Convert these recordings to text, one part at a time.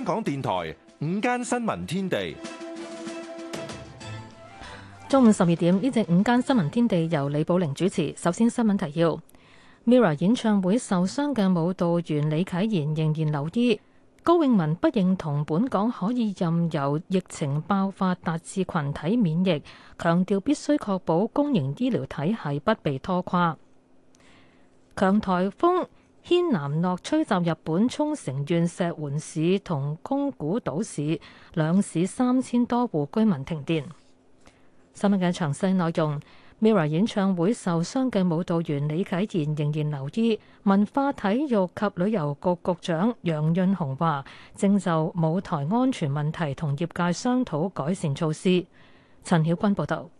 香港電台午間新聞天地，中午十二點，呢隻午間新聞天地由李寶玲主持。首先，新聞提要：Mira 演唱會受傷嘅舞蹈員李啟賢仍然留醫。高永文不認同本港可以任由疫情爆發達至群體免疫，強調必須確保公營醫療體系不被拖垮。強颱風軒嵐諾吹襲日本沖繩縣石垣市同宮古島市兩市三千多戶居民停電。新聞嘅詳細內容，Mirror 演唱會受傷嘅舞蹈員李啟言仍然留醫。文化體育及旅遊局局,局長楊潤雄話，正就舞台安全問題同業界商討改善措施。陳曉君報導。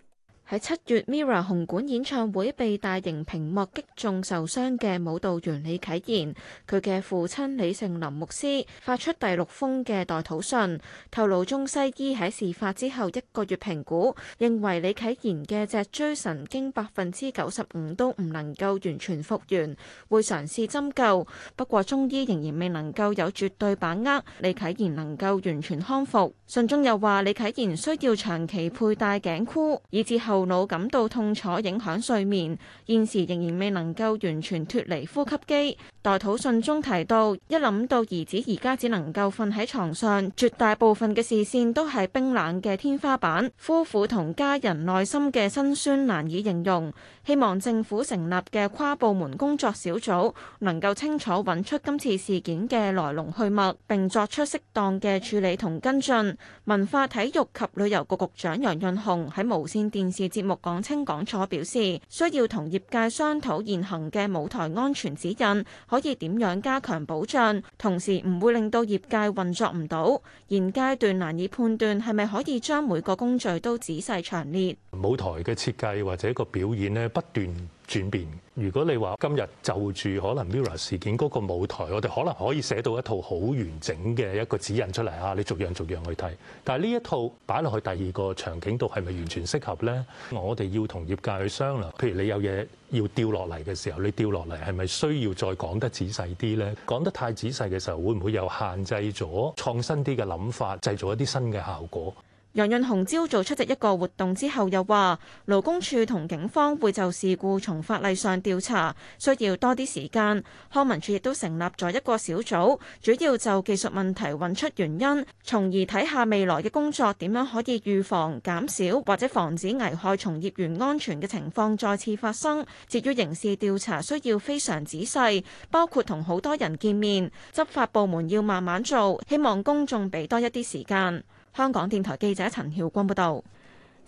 喺七月 MIRROR 紅館演唱會被大型屏幕擊中受傷嘅舞蹈員李啟賢，佢嘅父親李盛林牧師發出第六封嘅代禱信，透露中西醫喺事發之後一個月評估，認為李啟賢嘅脊椎神經百分之九十五都唔能夠完全復原，會嘗試針灸。不過中醫仍然未能夠有絕對把握李啟賢能夠完全康復，信中又話李啟賢需要長期佩戴頸箍，以至後。頭腦感到痛楚，影響睡眠。現時仍然未能夠完全脱離呼吸機。代禱信中提到，一諗到兒子而家只能夠瞓喺床上，絕大部分嘅視線都係冰冷嘅天花板，夫婦同家人內心嘅辛酸難以形容。希望政府成立嘅跨部門工作小組能夠清楚揾出今次事件嘅來龍去脈，並作出適當嘅處理同跟進。文化體育及旅遊局局長楊潤雄喺無線電視。節目講清講楚表示，需要同業界商討現行嘅舞台安全指引，可以點樣加強保障，同時唔會令到業界運作唔到。現階段難以判斷係咪可以將每個工序都仔細詳列舞台嘅設計或者一個表演咧，不斷轉變。如果你話今日就住可能 MIRROR 事件嗰個舞台，我哋可能可以寫到一套好完整嘅一個指引出嚟啊！你逐樣逐樣去睇。但係呢一套擺落去第二個場景度係咪完全適合呢？我哋要同業界去商量。譬如你有嘢要掉落嚟嘅時候，你掉落嚟係咪需要再講得仔細啲呢？講得太仔細嘅時候，會唔會有限制咗創新啲嘅諗法，製造一啲新嘅效果？楊潤雄朝早出席一個活動之後又，又話勞工處同警方會就事故從法例上調查，需要多啲時間。康文署亦都成立咗一個小組，主要就技術問題揾出原因，從而睇下未來嘅工作點樣可以預防、減少或者防止危害從業員安全嘅情況再次發生。至於刑事調查需要非常仔細，包括同好多人見面，執法部門要慢慢做，希望公眾俾多一啲時間。香港電台記者陳曉君報道。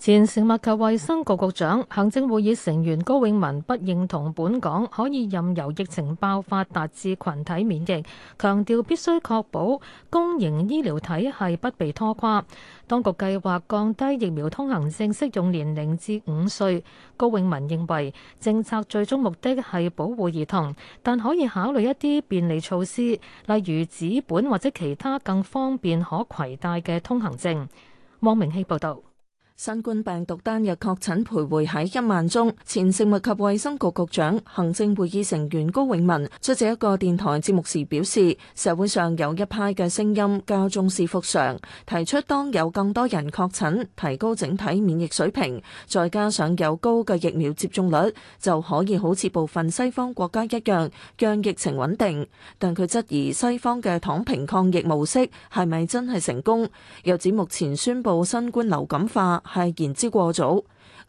前食物及衛生局局長、行政會議成員高永文不認同本港可以任由疫情爆發達至群體免疫，強調必須確保公營醫療體系不被拖垮。當局計劃降低疫苗通行證適用年齡至五歲。高永文認為政策最終目的係保護兒童，但可以考慮一啲便利措施，例如紙本或者其他更方便可攜帶嘅通行證。汪明希報導。新冠病毒單日確診徘徊喺一萬宗。前食物及衛生局局長、行政會議成員高永文出席一個電台節目時表示，社會上有一派嘅聲音較重視復常，提出當有更多人確診，提高整體免疫水平，再加上有高嘅疫苗接種率，就可以好似部分西方國家一樣，讓疫情穩定。但佢質疑西方嘅躺平抗疫模式係咪真係成功？又指目前宣佈新冠流感化，係言之過早。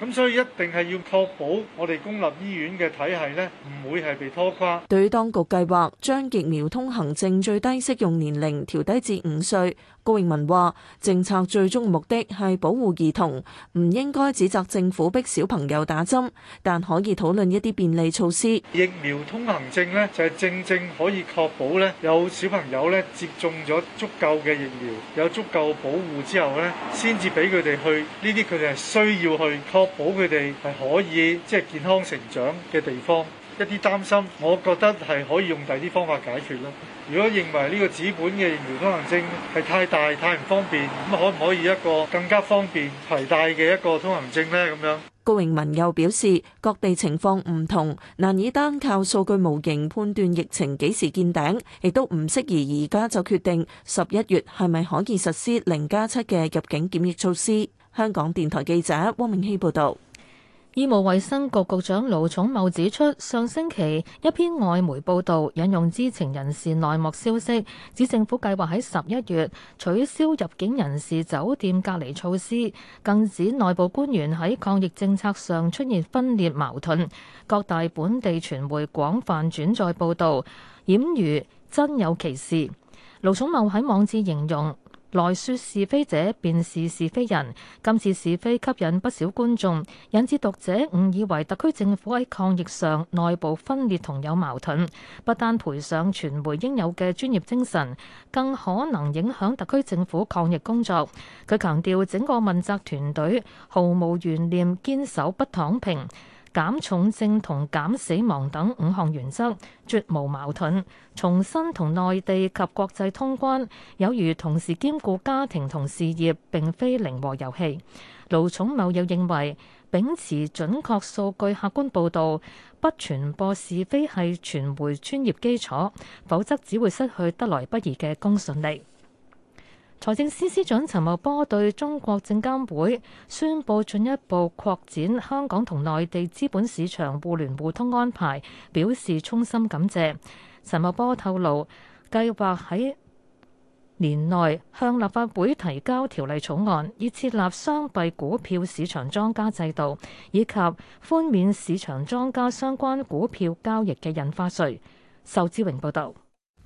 咁所以一定係要確保我哋公立醫院嘅體系呢，唔會係被拖垮。對於當局計劃將疫苗通行證最低適用年齡調低至五歲。高永文話：政策最終目的係保護兒童，唔應該指責政府逼小朋友打針，但可以討論一啲便利措施。疫苗通行證咧，就係正正可以確保咧有小朋友咧接種咗足夠嘅疫苗，有足夠保護之後咧，先至俾佢哋去呢啲。佢哋係需要去確保佢哋係可以即係、就是、健康成長嘅地方。一啲擔心，我覺得係可以用第啲方法解決啦。如果認為呢個紙本嘅疫苗通行證係太大太唔方便，咁可唔可以一個更加方便攜帶嘅一個通行證呢？咁樣，高永文又表示，各地情況唔同，難以單靠數據模型判斷疫情幾時見頂，亦都唔適宜而家就決定十一月係咪可以實施零加七嘅入境檢疫措施。香港電台記者汪明希報導。醫務衛生局局長盧寵茂指出，上星期一篇外媒報導引用知情人士內幕消息，指政府計劃喺十一月取消入境人士酒店隔離措施，更指內部官員喺抗疫政策上出現分裂矛盾。各大本地傳媒廣泛轉載報導，儼如真有其事。盧寵茂喺網誌形容。來説是非者，便是是非人。今次是非吸引不少觀眾，引致讀者誤以為特區政府喺抗疫上內部分裂同有矛盾。不單賠上傳媒應有嘅專業精神，更可能影響特區政府抗疫工作。佢強調整個問責團隊毫無懸念，堅守不躺平。減重症同減死亡等五項原則絕無矛盾。重新同內地及國際通關，有如同時兼顧家庭同事業，並非零和遊戲。盧重茂又認為，秉持準確數據、客觀報導，不傳播是非，係傳媒專業基礎，否則只會失去得來不易嘅公信力。財政司司長陳茂波對中國證監會宣布進一步擴展香港同內地資本市場互聯互通安排表示衷心感謝。陳茂波透露，計劃喺年內向立法會提交條例草案，以設立雙幣股票市場莊家制度，以及寬免市場莊家相關股票交易嘅印花稅。仇志榮報道。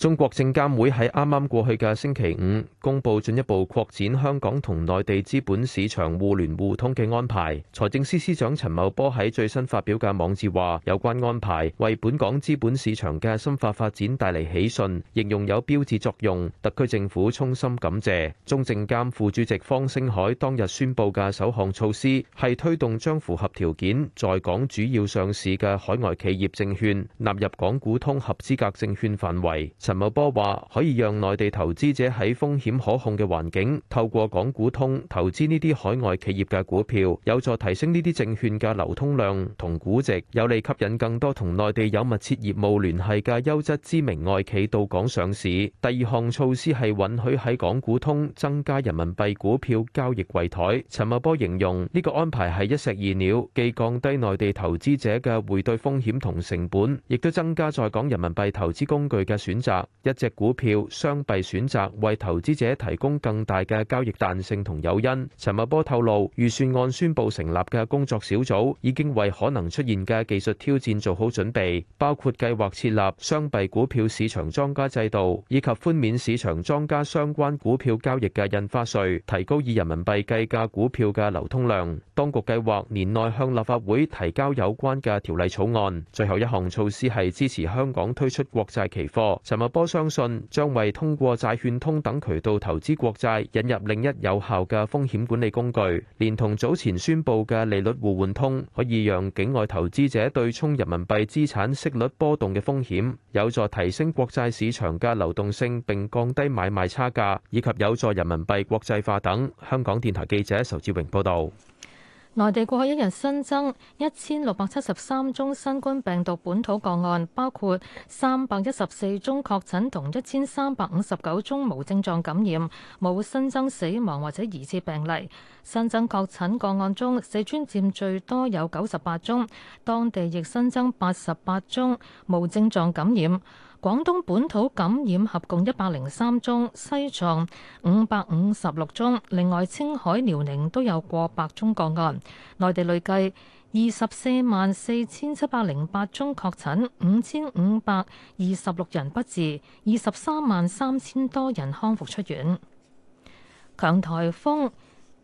中國證監會喺啱啱過去嘅星期五公布進一步擴展香港同內地資本市場互聯互通嘅安排。財政司司長陳茂波喺最新發表嘅網誌話，有關安排為本港資本市場嘅深化發展帶嚟喜訊，形容有標誌作用。特區政府衷心感謝。中證監副主席方星海當日宣布嘅首項措施係推動將符合條件在港主要上市嘅海外企業證券納入港股通合資格證券範圍。陳茂波話：可以讓內地投資者喺風險可控嘅環境，透過港股通投資呢啲海外企業嘅股票，有助提升呢啲證券嘅流通量同估值，有利吸引更多同內地有密切業務聯繫嘅優質知名外企到港上市。第二項措施係允許喺港股通增加人民幣股票交易櫃台。陳茂波形容呢個安排係一石二鳥，既降低內地投資者嘅匯兌風險同成本，亦都增加在港人民幣投資工具嘅選擇。一隻股票雙幣選擇，為投資者提供更大嘅交易彈性同誘因。陳茂波透露，預算案宣布成立嘅工作小組，已經為可能出現嘅技術挑戰做好準備，包括計劃設立雙幣股票市場莊家制度，以及寬免市場莊家相關股票交易嘅印花稅，提高以人民幣計價股票嘅流通量。當局計劃年內向立法會提交有關嘅條例草案。最後一項措施係支持香港推出國債期貨。陳茂。波相信將為通過債券通等渠道投資國債引入另一有效嘅風險管理工具，連同早前宣布嘅利率互換通，可以讓境外投資者對沖人民幣資產息率波動嘅風險，有助提升國債市場嘅流動性並降低買賣差價以及有助人民幣國際化等。香港電台記者仇志榮報道。內地過去一日新增一千六百七十三宗新冠病毒本土個案，包括三百一十四宗確診同一千三百五十九宗無症狀感染，冇新增死亡或者疑似病例。新增確診個案中，四川佔最多，有九十八宗，當地亦新增八十八宗無症狀感染。廣東本土感染合共一百零三宗，西藏五百五十六宗，另外青海、遼寧都有過百宗個案。內地累計二十四萬四千七百零八宗確診，五千五百二十六人不治，二十三萬三千多人康復出院。強颱風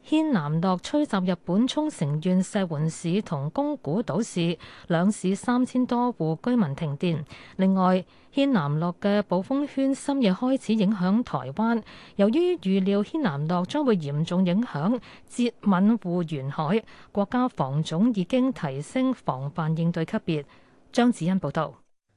軒嵐諾吹襲日本沖繩縣石垣市同宮古島市，兩市三千多戶居民停電。另外，軒嵐諾嘅暴風圈深夜開始影響台灣，由於預料軒嵐諾將會嚴重影響浙閩滬沿海，國家防總已經提升防範應對級別。張子欣報導。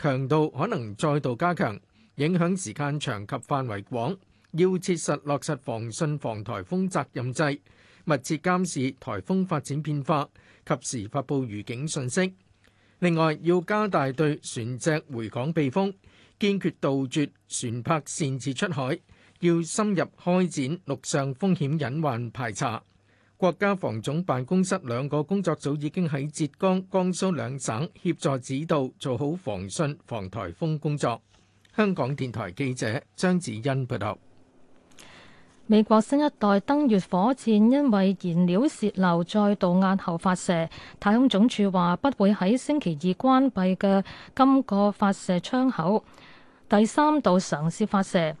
強度可能再度加強，影響時間長及範圍廣，要切實落實防汛防颱風責任制，密切監視颱風發展變化，及時發布預警信息。另外，要加大對船隻回港避風，堅決杜絕船舶擅自出海。要深入開展陸上風險隱患排查。國家防總辦公室兩個工作組已經喺浙江、江蘇兩省協助指導做好防汛防颱風工作。香港電台記者張子欣報道。美國新一代登月火箭因為燃料泄漏再度押後發射，太空總署話不會喺星期二關閉嘅今個發射窗口，第三度嘗試發射。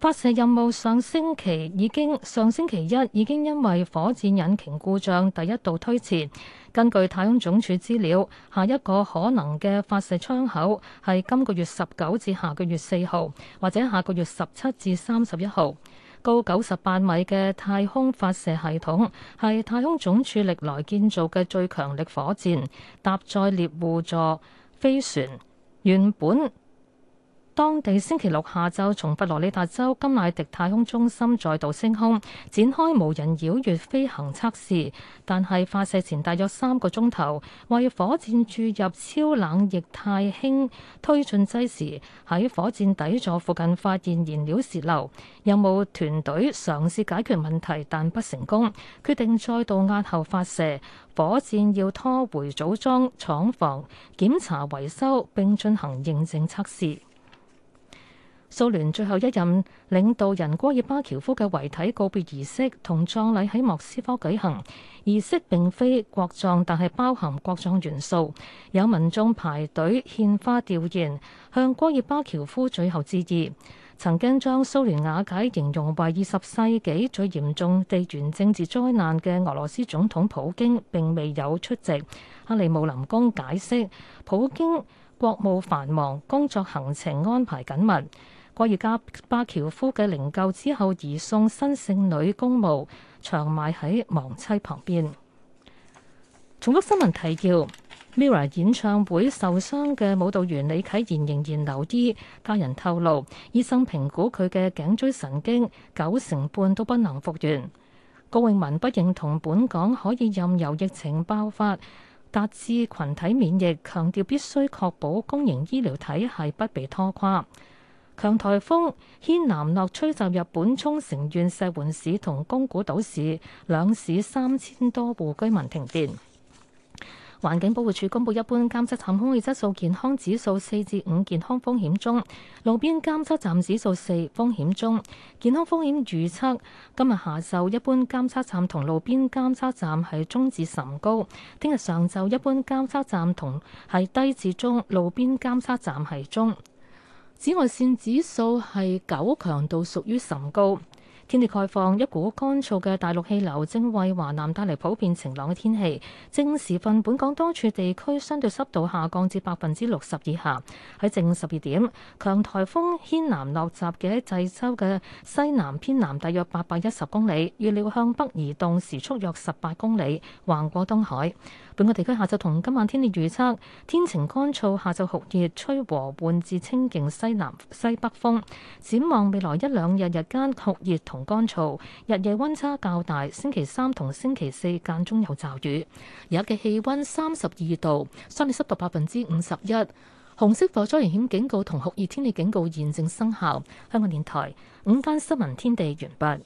發射任務上星期已經上星期一已經因為火箭引擎故障第一度推遲。根據太空總署資料，下一個可能嘅發射窗口係今個月十九至下個月四號，或者下個月十七至三十一號。高九十八米嘅太空發射系統係太空總署歷來建造嘅最強力火箭，搭載獵戶座飛船。原本。當地星期六下晝，從佛羅里達州甘迺迪太空中心再度升空，展開無人繞月飛行測試。但係發射前大約三個鐘頭，為火箭注入超冷液態氫推進劑時，喺火箭底座附近發現燃料洩漏。任務團隊嘗試解決問題，但不成功，決定再度押後發射。火箭要拖回組裝廠房檢查維修並進行認證測試。蘇聯最後一任領導人戈爾巴喬夫嘅遺體告別儀式同葬禮喺莫斯科舉行。儀式並非國葬，但係包含國葬元素，有民眾排隊獻花吊唁，向戈爾巴喬夫最後致意。曾經將蘇聯瓦解形容為二十世紀最嚴重地緣政治災難嘅俄羅斯總統普京並未有出席。克里姆林宮解釋，普京國務繁忙，工作行程安排緊密。過而家巴喬夫嘅靈柩之後，移送新聖女公墓，長埋喺亡妻旁邊。重復新聞提要：MIRROR 演唱會受傷嘅舞蹈員李啟賢仍然，然留醫，家人透露醫生評估佢嘅頸椎神經九成半都不能復原。高永文不認同本港可以任由疫情爆發達至群體免疫，強調必須確保公營醫療體系不被拖垮。強颱風軒嵐諾吹襲日本沖繩縣石垣市同宮古島市，兩市三千多戶居民停電。環境保護署公布，一般監測站空氣質素健康指數四至五，健康風險中；路邊監測站指數四，風險中。健康風險預測今日下晝一般監測站同路邊監測站係中至甚高，聽日上晝一般監測站同係低至中，路邊監測站係中。紫外線指數係九，強度屬於甚高。天氣概況，一股乾燥嘅大陸氣流正為華南帶嚟普遍晴朗嘅天氣，正時分本港多處地區相對濕度下降至百分之六十以下。喺正十二點，強颱風軒嵐諾集結喺濟州嘅西南偏南，大約八百一十公里，預料向北移動，時速約十八公里，橫過東海。本港地區下晝同今晚天氣預測，天晴乾燥，下晝酷熱，吹和緩至清勁西南西北風。展望未來一兩日日間酷熱同乾燥，日夜溫差較大。星期三同星期四間中有驟雨。而家嘅氣溫三十二度，相對濕度百分之五十一。紅色火災危險警告同酷熱天氣警告現正生效。香港電台午間新聞天地完畢。